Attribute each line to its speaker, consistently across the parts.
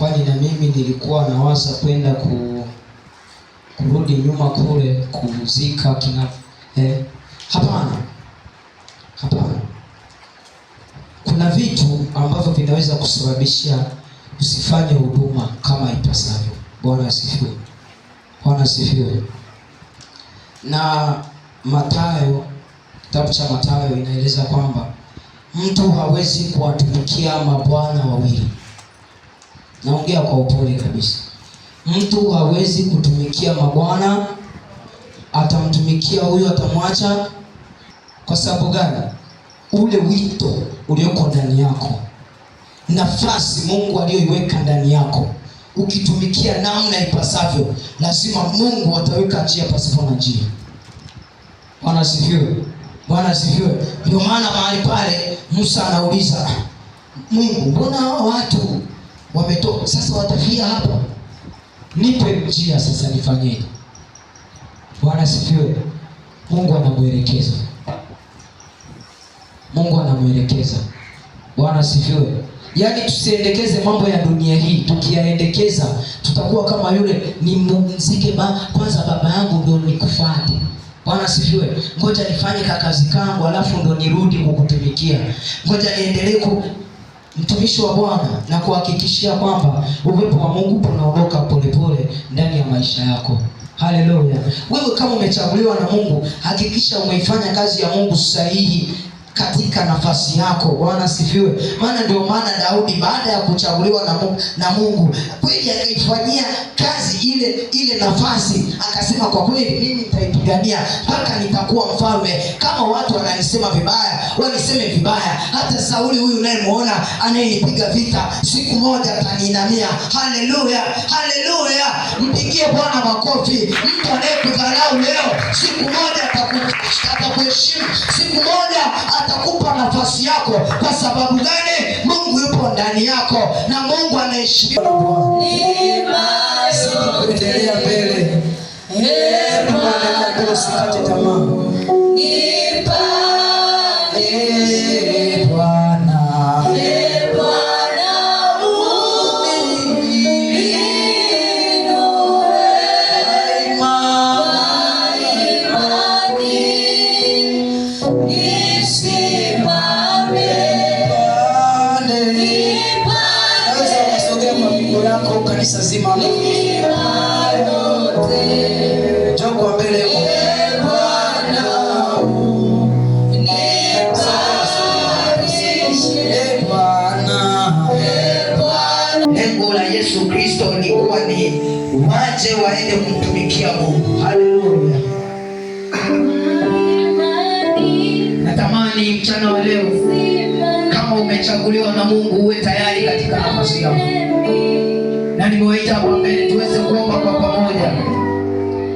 Speaker 1: kwani na mimi nilikuwa nawasa kwenda ku, kurudi nyuma kule kuzika kina eh, hapana hapana. Kuna vitu ambavyo vinaweza kusababisha usifanye huduma kama ipasavyo. Bwana asifiwe, Bwana asifiwe. Na matayo kitabu cha matayo inaeleza kwamba mtu hawezi kuwatumikia mabwana wawili Naongea kwa upole kabisa. Mtu hawezi kutumikia mabwana, atamtumikia huyo atamwacha. Kwa sababu gani? Ule wito ulioko ndani yako, nafasi Mungu aliyoiweka ndani yako, ukitumikia namna ipasavyo, lazima Mungu ataweka njia pasipo na njia. Bwana sifiwe, Bwana sifiwe. Ndio maana mahali pale Musa anauliza Mungu, mbona watu wametoka sasa, watafia hapa. Nipe njia sasa, nifanyeje? Bwana sifiwe. Mungu anamwelekeza, Mungu anamwelekeza. Bwana sifiwe. Yaani tusiendekeze mambo ya dunia hii, tukiyaendekeza tutakuwa kama yule ni mzike ba, kwanza baba yangu ndio nikufuate. Bwana sifiwe. Ngoja nifanye kakazi kangu, alafu ndo nirudi kukutumikia. Ngoja niendelee mtumishi wa Bwana na kuhakikishia kwamba uwepo wa Mungu unaondoka polepole ndani ya maisha yako. Haleluya! Wewe kama umechaguliwa na Mungu, hakikisha umeifanya kazi ya Mungu sahihi katika nafasi yako. Bwana sifiwe. Maana ndio maana Daudi baada ya kuchaguliwa na Mungu, na Mungu kweli akaifanyia kazi ile ile nafasi, akasema kwa kweli mimi nitaipigania mpaka nitakuwa mfalme. Kama watu wananisema vibaya, waniseme vibaya. Hata Sauli huyu unayemwona anayenipiga vita, siku moja ataniinamia. Haleluya, haleluya! Mpigie Bwana makofi. Mtu anayekudharau leo, siku moja atakuheshimu, siku moja atakupa nafasi yako. Kwa sababu gani? Mungu yupo ndani yako na Mungu anaheshimia
Speaker 2: mbele. tamaa. yako mbele ee ee
Speaker 1: Lengo la Yesu Kristo likuwa ni waje waende kumtumikia Mungu. Haleluya! Natamani mchana wa leo, kama umechaguliwa na Mungu, uwe tayari katika nafasi yako, na nimewaita hapa mbele tuweze kuomba kwa pamoja.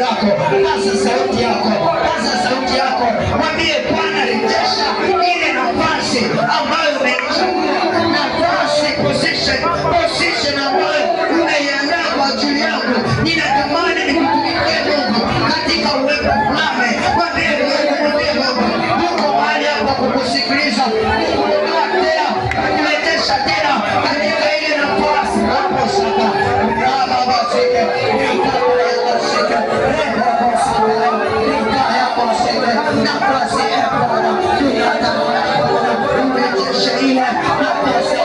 Speaker 1: nafsi yako, kaza sauti yako, kaza sauti yako, mwambie Bwana, rejesha ile nafasi ambayo umeichukua, nafasi position, position ambayo unaiandaa kwa ajili yako. Ninatamani nikutumikie Mungu katika uwepo fulani. Mwambie Mungu, Mungu mahali hapa kukusikiliza, kukuletea, kukurejesha tena katika نقرأ سيئة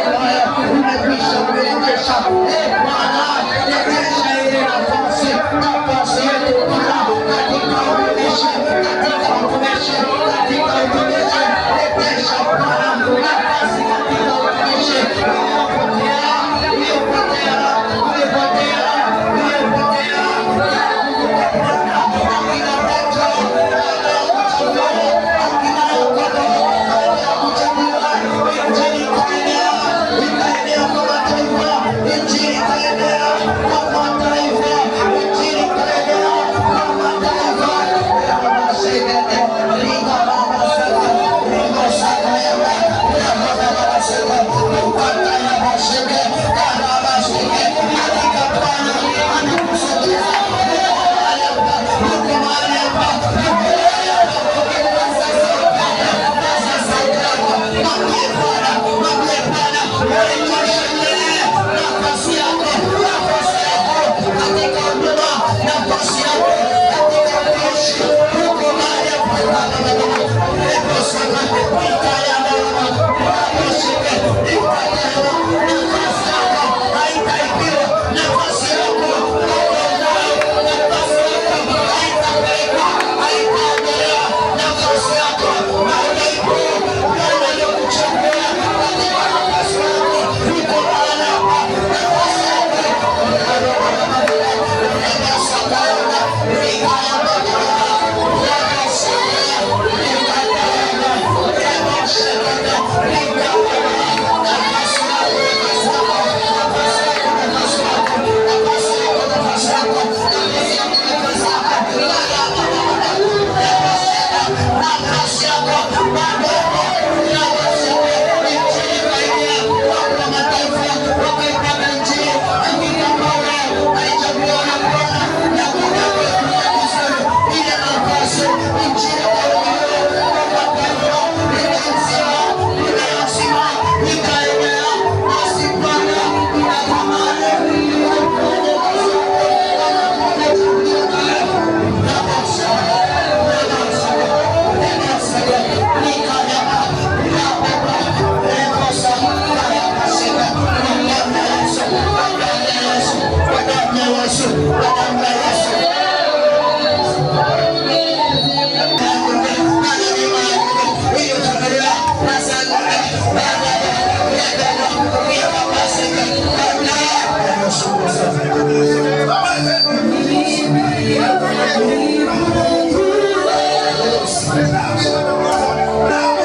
Speaker 1: Yesu watambariki.
Speaker 2: Now,